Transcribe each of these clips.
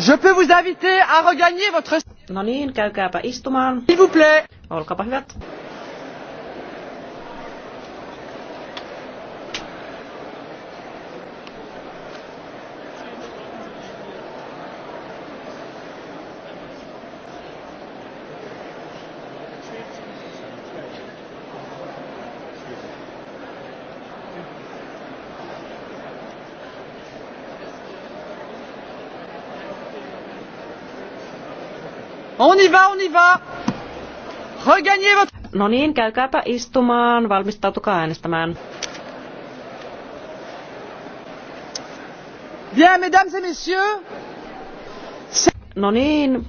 Je peux vous inviter à regagner votre... No niin, käykääpä istumaan. S'il vous plaît. Olkaapa hyvät. On y niin va, on y niin va. Regagnez votre... No niin, käykääpä istumaan, valmistautukaa äänestämään. Bien, mesdames et messieurs. No niin,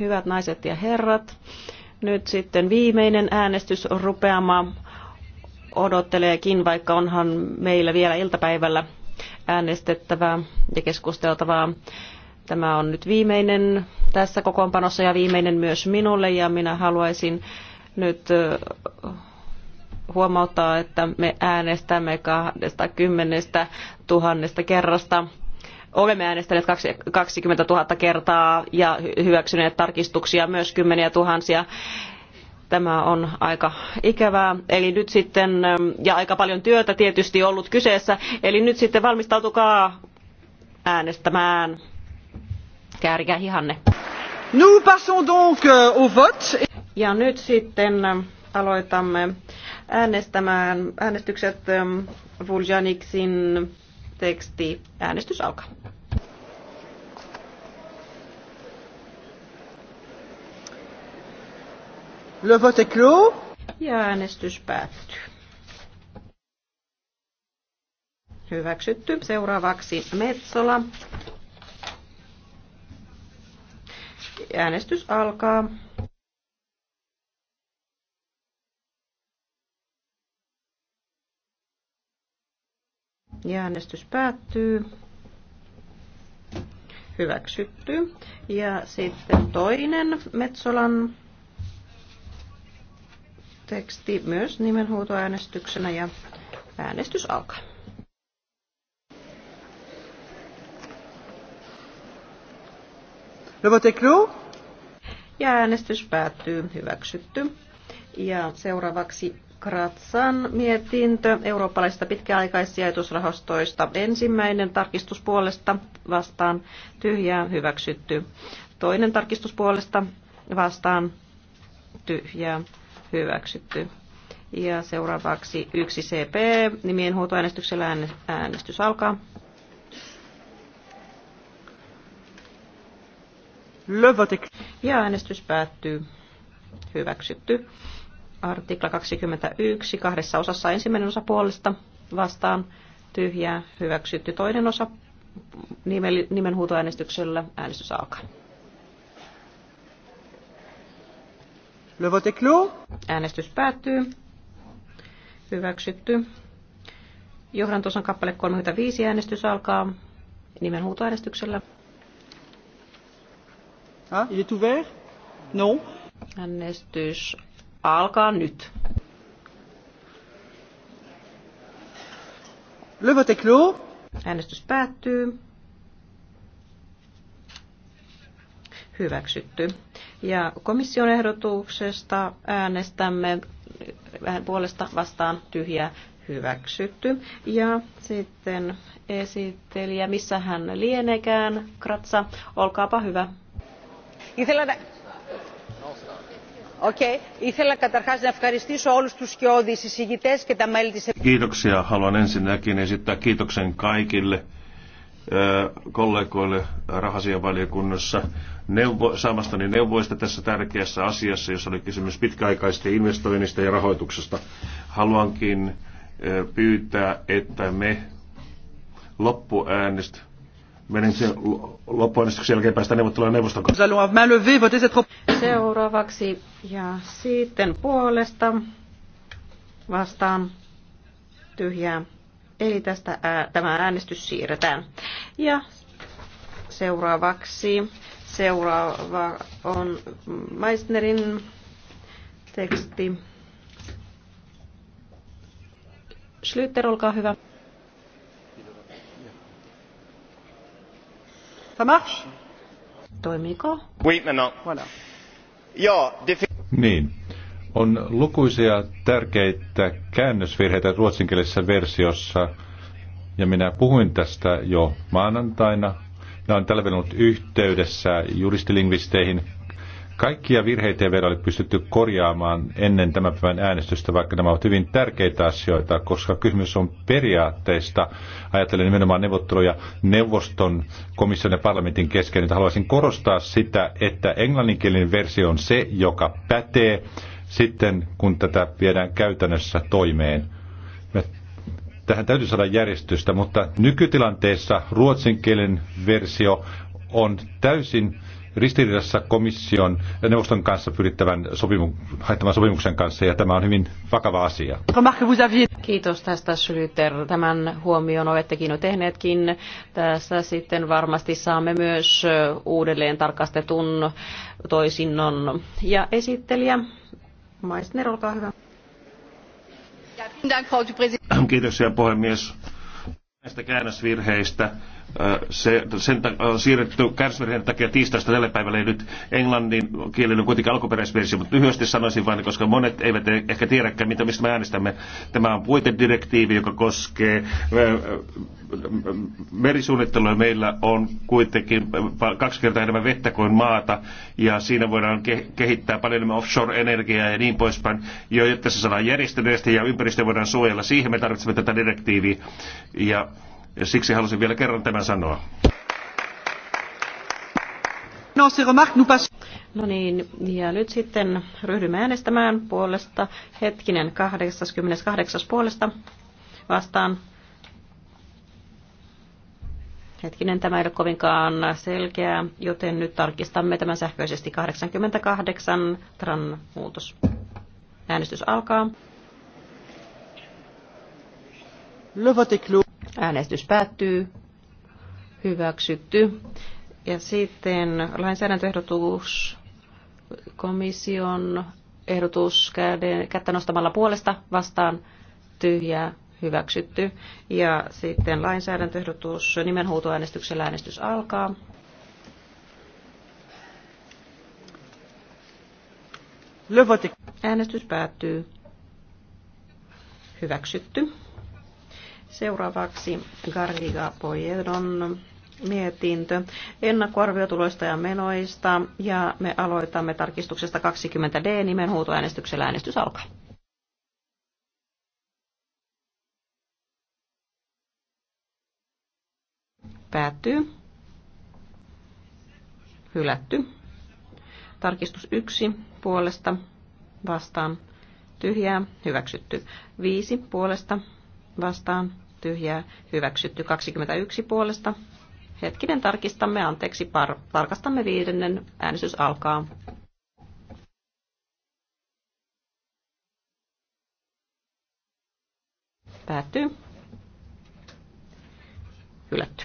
hyvät naiset ja herrat. Nyt sitten viimeinen äänestys äänestysrupeama odotteleekin, vaikka onhan meillä vielä iltapäivällä äänestettävää ja keskusteltavaa. Tämä on nyt viimeinen tässä kokoonpanossa ja viimeinen myös minulle ja minä haluaisin nyt huomauttaa, että me äänestämme kymmenestä tuhannesta kerrasta olemme äänestäneet 20 000 kertaa ja hyväksyneet tarkistuksia myös kymmeniä tuhansia. Tämä on aika ikävää. Eli nyt sitten, ja aika paljon työtä tietysti ollut kyseessä, eli nyt sitten valmistautukaa äänestämään. Käärikää hihanne. Nous passons donc euh, au vote. Ja nyt sitten ähm, aloitamme äänestämään äänestykset ähm, Vuljaniksin teksti. Äänestys alkaa. Le vote est clos. Ja äänestys päättyy. Hyväksytty. Seuraavaksi Metsola. Äänestys alkaa. Ja äänestys päättyy. Hyväksytty. Ja sitten toinen Metsolan teksti myös nimenhuutoäänestyksenä ja äänestys alkaa. Ja äänestys päättyy. Hyväksytty. Ja seuraavaksi Kratsan mietintö eurooppalaisista pitkäaikaissijoitusrahastoista. Ensimmäinen tarkistuspuolesta vastaan tyhjää hyväksytty. Toinen tarkistuspuolesta vastaan tyhjää hyväksytty. Ja seuraavaksi yksi cp Nimien huutoäänestyksellä äänestys alkaa. Ja äänestys päättyy. Hyväksytty. Artikla 21, kahdessa osassa ensimmäinen osa puolesta vastaan tyhjää, hyväksytty toinen osa nimenhuutoäänestyksellä. Äänestys alkaa. Le vote Äänestys päättyy. Hyväksytty. Johdantosan kappale 35 äänestys alkaa nimenhuutoäänestyksellä. Hein? Il est ouvert? Äänestys alkaa nyt. Le vote est clos. Äänestys päättyy. Hyväksytty. Ja komission ehdotuksesta äänestämme vähän puolesta vastaan tyhjä hyväksytty. Ja sitten esittelijä, missä hän lienekään, Kratsa, olkaapa hyvä. Ήθελα να... Okay. Ήθελα καταρχάς να ευχαριστήσω όλους τους σκιώδεις εισηγητές και τα μέλη της... Kiitoksia. Haluan ensinnäkin esittää kiitoksen kaikille kollegoille rahasiavaliokunnassa neuvo, saamastani neuvoista tässä tärkeässä asiassa, jossa oli kysymys pitkäaikaisista investoinnista ja rahoituksesta. Haluankin pyytää, että me loppuäänestä Venetsia loppuäänestyksen jälkeen päästään neuvottelemaan neuvoston kanssa. Seuraavaksi ja sitten puolesta vastaan tyhjää. Eli tästä ää, tämä äänestys siirretään. Ja seuraavaksi seuraava on Meissnerin teksti. Schlüter, olkaa hyvä. Joo, niin. On lukuisia tärkeitä käännösvirheitä ruotsinkielisessä versiossa, ja minä puhuin tästä jo maanantaina. Nämä on tällä ollut yhteydessä juristilingvisteihin, Kaikkia virheitä ei vielä ole pystytty korjaamaan ennen tämän päivän äänestystä, vaikka nämä ovat hyvin tärkeitä asioita, koska kysymys on periaatteista. Ajattelen nimenomaan neuvotteluja neuvoston, komission ja parlamentin kesken. Nyt haluaisin korostaa sitä, että englanninkielinen versio on se, joka pätee sitten, kun tätä viedään käytännössä toimeen. Me tähän täytyy saada järjestystä, mutta nykytilanteessa ruotsinkielinen versio on täysin ristiriidassa komission ja neuvoston kanssa pyrittävän sopimu, sopimuksen kanssa, ja tämä on hyvin vakava asia. Kiitos tästä Schlüter. Tämän huomion olettekin jo tehneetkin. Tässä sitten varmasti saamme myös uudelleen tarkastetun toisinnon. Ja esittelijä Maisner, olkaa hyvä. herra puhemies näistä käännösvirheistä se, sen ta- on siirretty kärsivirheen takia tiistaista tälle päivälle nyt englannin kielinen kuitenkin alkuperäisversio, mutta lyhyesti sanoisin vain, koska monet eivät e-, ehkä tiedäkään, mitä, mistä me äänestämme. Tämä on puitedirektiivi, joka koskee merisuunnittelua. Meillä on kuitenkin kaksi kertaa enemmän vettä kuin maata, ja siinä voidaan kehittää paljon enemmän offshore-energiaa ja niin poispäin, jotta se saadaan järjestelyistä ja ympäristö voidaan suojella. Siihen me tarvitsemme tätä direktiiviä. Ja ja siksi halusin vielä kerran tämän sanoa. No niin, ja nyt sitten ryhdymme äänestämään puolesta. Hetkinen, 88. puolesta vastaan. Hetkinen, tämä ei ole kovinkaan selkeää, joten nyt tarkistamme tämän sähköisesti 88 tran muutos. Äänestys alkaa. Le vote Äänestys päättyy. Hyväksytty. Ja sitten lainsäädäntöehdotus, komission ehdotus käden, kättä nostamalla puolesta vastaan tyhjää hyväksytty. Ja sitten lainsäädäntöehdotus nimenhuutoäänestyksellä äänestys alkaa. Äänestys päättyy. Hyväksytty. Seuraavaksi Garriga Pojedon mietintö ennakkoarviotuloista ja menoista ja me aloitamme tarkistuksesta 20D nimen huutoäänestyksellä äänestys alkaa. Päättyy. Hylätty. Tarkistus 1 puolesta vastaan tyhjää hyväksytty. 5 puolesta vastaan tyhjää hyväksytty 21 puolesta. Hetkinen tarkistamme, anteeksi, par, tarkastamme viidennen, äänestys alkaa. Päättyy. Hylätty.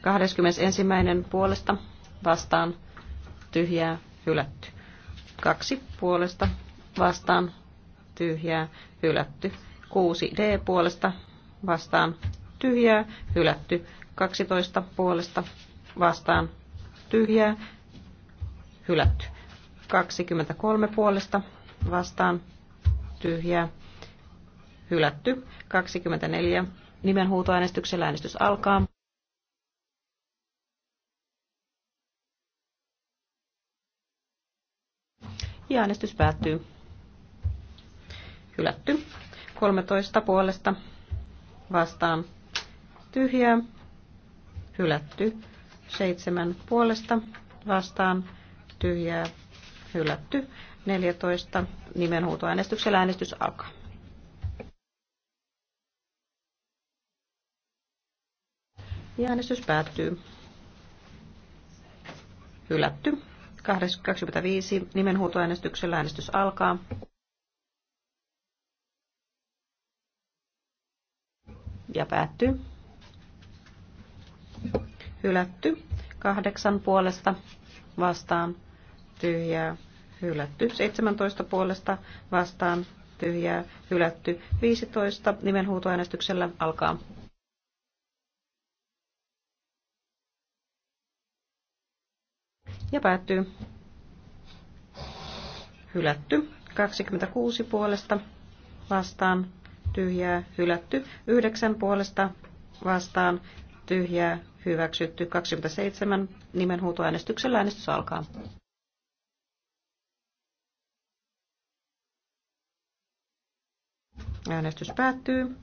21. puolesta vastaan tyhjää hylätty. Kaksi puolesta vastaan tyhjää hylätty. 6D puolesta vastaan tyhjää, hylätty 12 puolesta vastaan tyhjää, hylätty 23 puolesta vastaan tyhjää, hylätty 24 nimenhuutoäänestyksellä äänestys alkaa. Ja äänestys päättyy. Hylätty. 13 puolesta vastaan tyhjää, hylätty. 7 puolesta vastaan tyhjää, hylätty. 14 nimenhuutoäänestyksellä äänestys alkaa. Ja äänestys päättyy. Hylätty. 25 nimenhuutoäänestyksellä äänestys alkaa. ja päättyy. Hylätty. Kahdeksan puolesta vastaan tyhjää. Hylätty. 17 puolesta vastaan tyhjää. Hylätty. 15 nimenhuutoäänestyksellä alkaa. Ja päättyy. Hylätty. 26 puolesta vastaan tyhjää, hylätty. 9 puolesta vastaan, tyhjää, hyväksytty. 27 nimenhuutoäänestyksellä äänestys alkaa. Äänestys päättyy.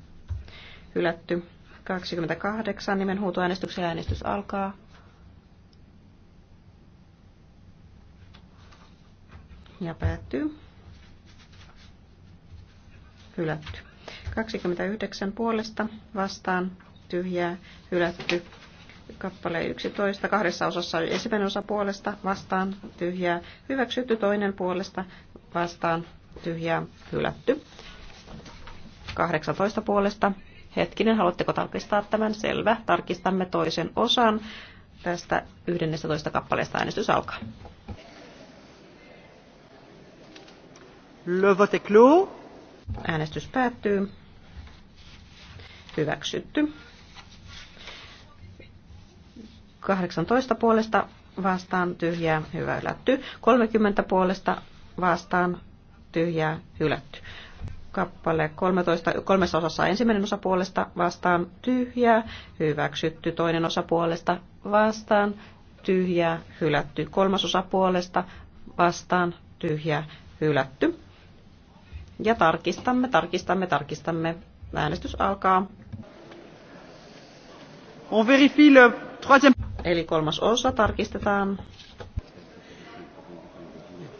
Hylätty. 28 nimen huutoäänestyksen äänestys alkaa. Ja päättyy. Hylätty. 29 puolesta vastaan tyhjää hylätty. Kappale 11 kahdessa osassa ensimmäinen osa puolesta vastaan tyhjää hyväksytty, toinen puolesta vastaan tyhjää hylätty. 18 puolesta. Hetkinen, haluatteko tarkistaa tämän? Selvä. Tarkistamme toisen osan. Tästä 11 kappaleesta äänestys alkaa. Le vote clos. Äänestys päättyy hyväksytty. 18 puolesta vastaan tyhjää hylätty. 30 puolesta vastaan tyhjää hylätty. Kappale 13, kolmessa osassa ensimmäinen osa puolesta vastaan tyhjää hyväksytty. Toinen osa puolesta vastaan tyhjää hylätty. Kolmas osa puolesta vastaan tyhjää hylätty. Ja tarkistamme, tarkistamme, tarkistamme. Äänestys alkaa. On vérifie le troisième... Eli kolmas osa tarkistetaan.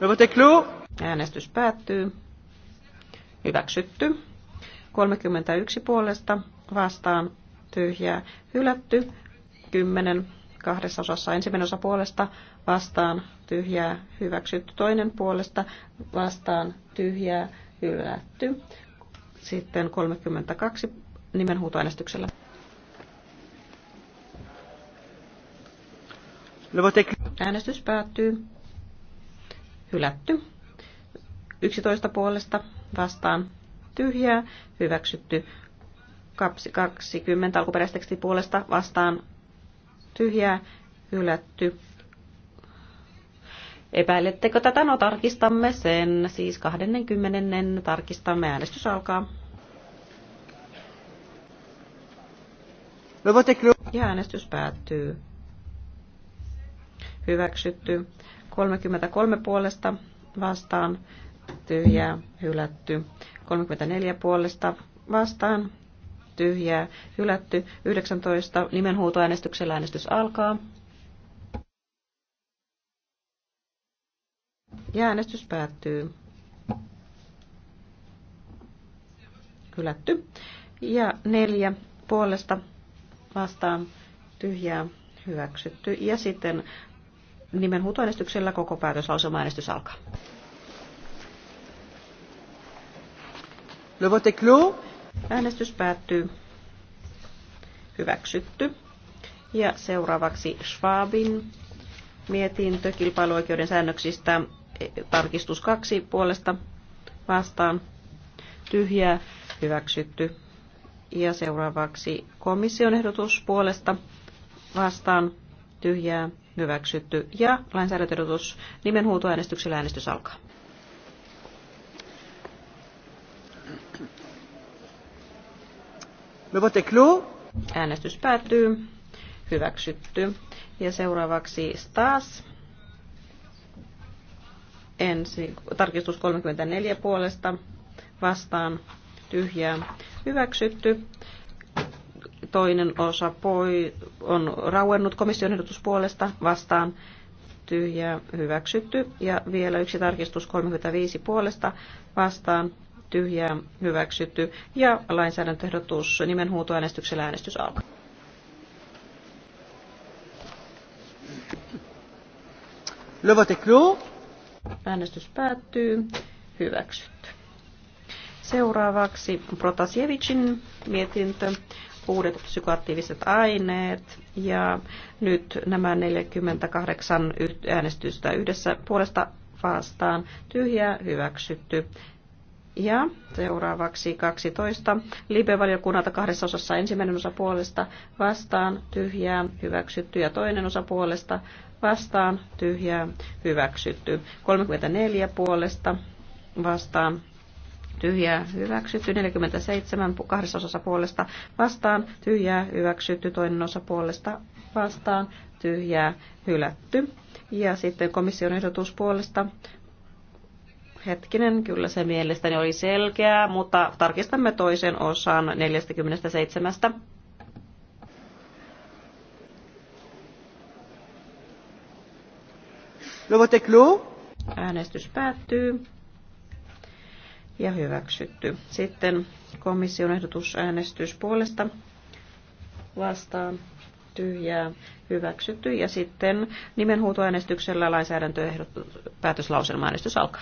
Le vote clos. Äänestys päättyy. Hyväksytty. 31 puolesta vastaan tyhjää hylätty. 10 kahdessa osassa ensimmäinen osa puolesta vastaan tyhjää hyväksytty. Toinen puolesta vastaan tyhjää hylätty. Sitten 32 nimenhuutoäänestyksellä. Äänestys päättyy. Hylätty. 11 puolesta vastaan tyhjää. Hyväksytty. 20 alkuperäisteksti puolesta vastaan tyhjää. Hylätty. Epäilettekö tätä? No tarkistamme sen. Siis 20. tarkistamme. Äänestys alkaa. Ja äänestys päättyy hyväksytty. 33 puolesta vastaan tyhjää hylätty. 34 puolesta vastaan tyhjää hylätty. 19 nimenhuutoäänestyksellä äänestys alkaa. Ja äänestys päättyy. Hylätty. Ja neljä puolesta vastaan tyhjää hyväksytty. Ja sitten nimen huutoäänestyksellä koko päätöslauselmaäänestys alkaa. Le vote clos. Äänestys päättyy. Hyväksytty. Ja seuraavaksi Schwabin mietintö kilpailuoikeuden säännöksistä. E, tarkistus kaksi puolesta vastaan. Tyhjää. Hyväksytty. Ja seuraavaksi komission ehdotus puolesta vastaan tyhjää, hyväksytty. Ja lainsäädäntöehdotus nimenhuutoäänestyksellä äänestys alkaa. Le vote clos. Äänestys päättyy. Hyväksytty. Ja seuraavaksi taas ensi, tarkistus 34 puolesta vastaan tyhjää hyväksytty toinen osa poi, on rauennut komission ehdotus puolesta vastaan tyhjä hyväksytty. Ja vielä yksi tarkistus 35 puolesta vastaan tyhjää hyväksytty. Ja lainsäädäntöehdotus nimen huutoäänestyksellä äänestys alkaa. Le vote Äänestys päättyy. Hyväksytty. Seuraavaksi Protasevicin mietintö uudet psykoaktiiviset aineet. Ja nyt nämä 48 äänestystä yhdessä puolesta vastaan tyhjä hyväksytty. Ja seuraavaksi 12. Libe-valiokunnalta kahdessa osassa ensimmäinen osa puolesta vastaan tyhjää hyväksytty ja toinen osa puolesta vastaan tyhjää hyväksytty. 34 puolesta vastaan tyhjää hyväksytty, 47 kahdessa osassa puolesta vastaan, tyhjää hyväksytty, toinen osa puolesta vastaan, tyhjää hylätty. Ja sitten komission ehdotus puolesta Hetkinen, kyllä se mielestäni oli selkeää, mutta tarkistamme toisen osan 47. Le vote Äänestys päättyy ja hyväksytty. Sitten komission äänestys puolesta vastaan tyhjää hyväksytty ja sitten nimenhuutoäänestyksellä lainsäädäntöehdot äänestys alkaa.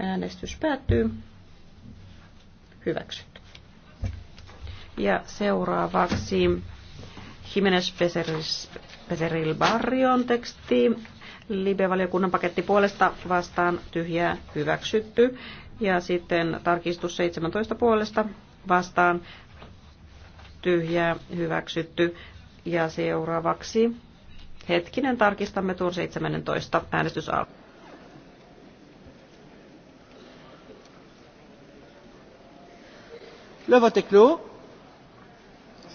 Äänestys päättyy. Hyväksytty. Ja seuraavaksi Jimenez Peseril Barrion teksti Libe-valiokunnan paketti puolesta vastaan tyhjää hyväksytty. Ja sitten tarkistus 17 puolesta vastaan tyhjää hyväksytty. Ja seuraavaksi hetkinen tarkistamme tuon 17 äänestysalueen. Le vote est clos.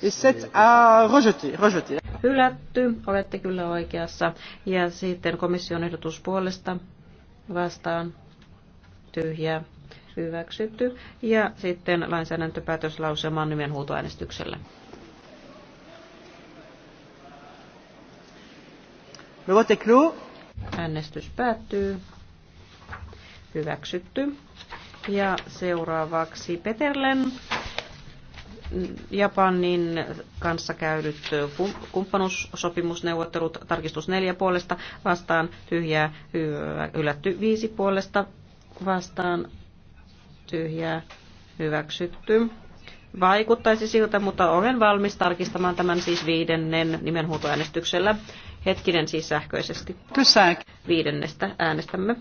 Et c'est à rejeter. rejeter hylätty, olette kyllä oikeassa. Ja sitten komission ehdotus puolesta vastaan tyhjää hyväksytty. Ja sitten lainsäädäntöpäätöslauselman nimen huutoäänestyksellä. Äänestys päättyy. Hyväksytty. Ja seuraavaksi Peterlen Japanin kanssa käydyt kumppanuussopimusneuvottelut, tarkistus neljä puolesta vastaan, tyhjää, hylätty viisi puolesta vastaan, tyhjää, hyväksytty. Vaikuttaisi siltä, mutta olen valmis tarkistamaan tämän siis viidennen nimenhuutoäänestyksellä. Hetkinen siis sähköisesti. Kysää. Viidennestä äänestämme.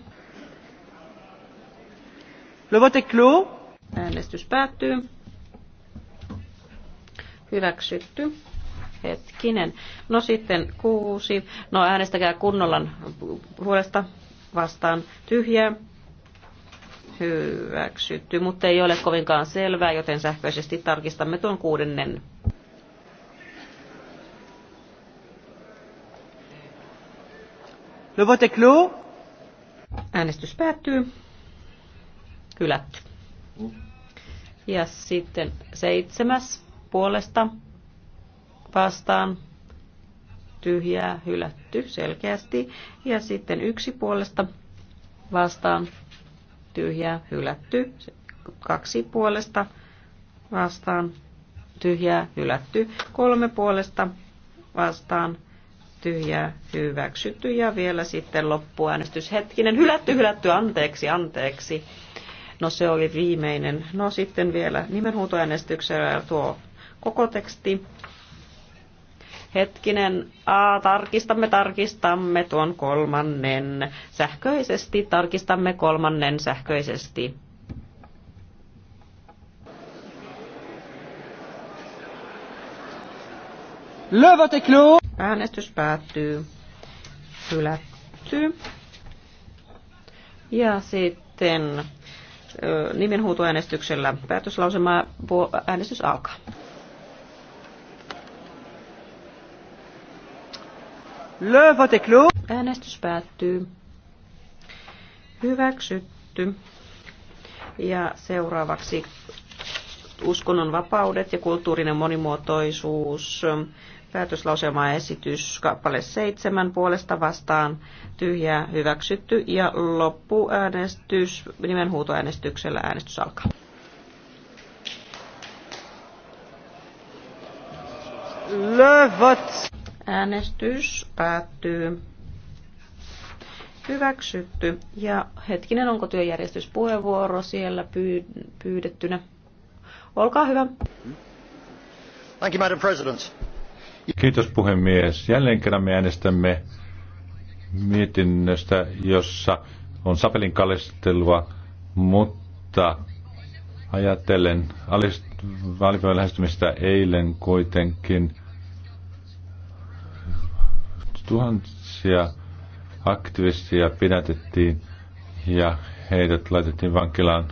Le vote clos. Äänestys päättyy hyväksytty. Hetkinen. No sitten kuusi. No äänestäkää kunnolla puolesta vastaan tyhjää. Hyväksytty, mutta ei ole kovinkaan selvää, joten sähköisesti tarkistamme tuon kuudennen. Le vote clos. Äänestys päättyy. Hylätty. Ja sitten seitsemäs puolesta vastaan tyhjää hylätty selkeästi ja sitten yksi puolesta vastaan tyhjää hylätty kaksi puolesta vastaan tyhjää hylätty kolme puolesta vastaan tyhjää hyväksytty ja vielä sitten loppuäänestys hetkinen hylätty hylätty anteeksi anteeksi No se oli viimeinen. No sitten vielä nimenhuutoäänestyksellä tuo koko teksti. Hetkinen, A, tarkistamme, tarkistamme tuon kolmannen sähköisesti, tarkistamme kolmannen sähköisesti. Äänestys päättyy. Hylätty. Ja sitten nimenhuutoäänestyksellä päätöslausema äänestys alkaa. Le vote est clos. Äänestys päättyy. Hyväksytty. Ja seuraavaksi uskonnon vapaudet ja kulttuurinen monimuotoisuus. esitys kappale 7 puolesta vastaan tyhjää hyväksytty ja loppuäänestys nimenhuutoäänestyksellä äänestys alkaa. Le vote Äänestys päättyy. Hyväksytty. Ja hetkinen, onko työjärjestyspuheenvuoro siellä pyydettynä? Olkaa hyvä. Thank you, Madam President. Kiitos puhemies. Jälleen kerran me äänestämme mietinnöstä, jossa on sapelin kallistelua, mutta ajatellen vaalipäivän lähestymistä eilen kuitenkin Tuhansia aktivisteja pidätettiin ja heidät laitettiin vankilaan.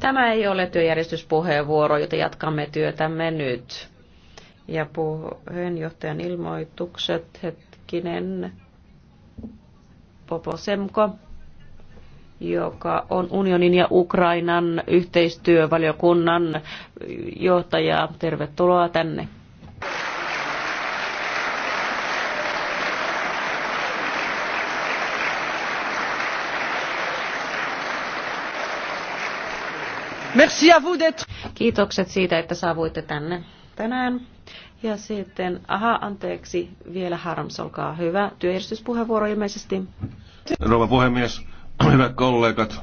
Tämä ei ole työjärjestyspuheenvuoro, joten jatkamme työtämme nyt. Ja puheenjohtajan ilmoitukset, hetkinen, Popo Semko, joka on unionin ja Ukrainan yhteistyövaliokunnan johtaja. Tervetuloa tänne. Merci à vous d'être. Kiitokset siitä, että saavuitte tänne tänään. Ja sitten, aha, anteeksi, vielä Harms, olkaa hyvä. Työjärjestyspuheenvuoro ilmeisesti. Rouva puhemies, hyvät kollegat.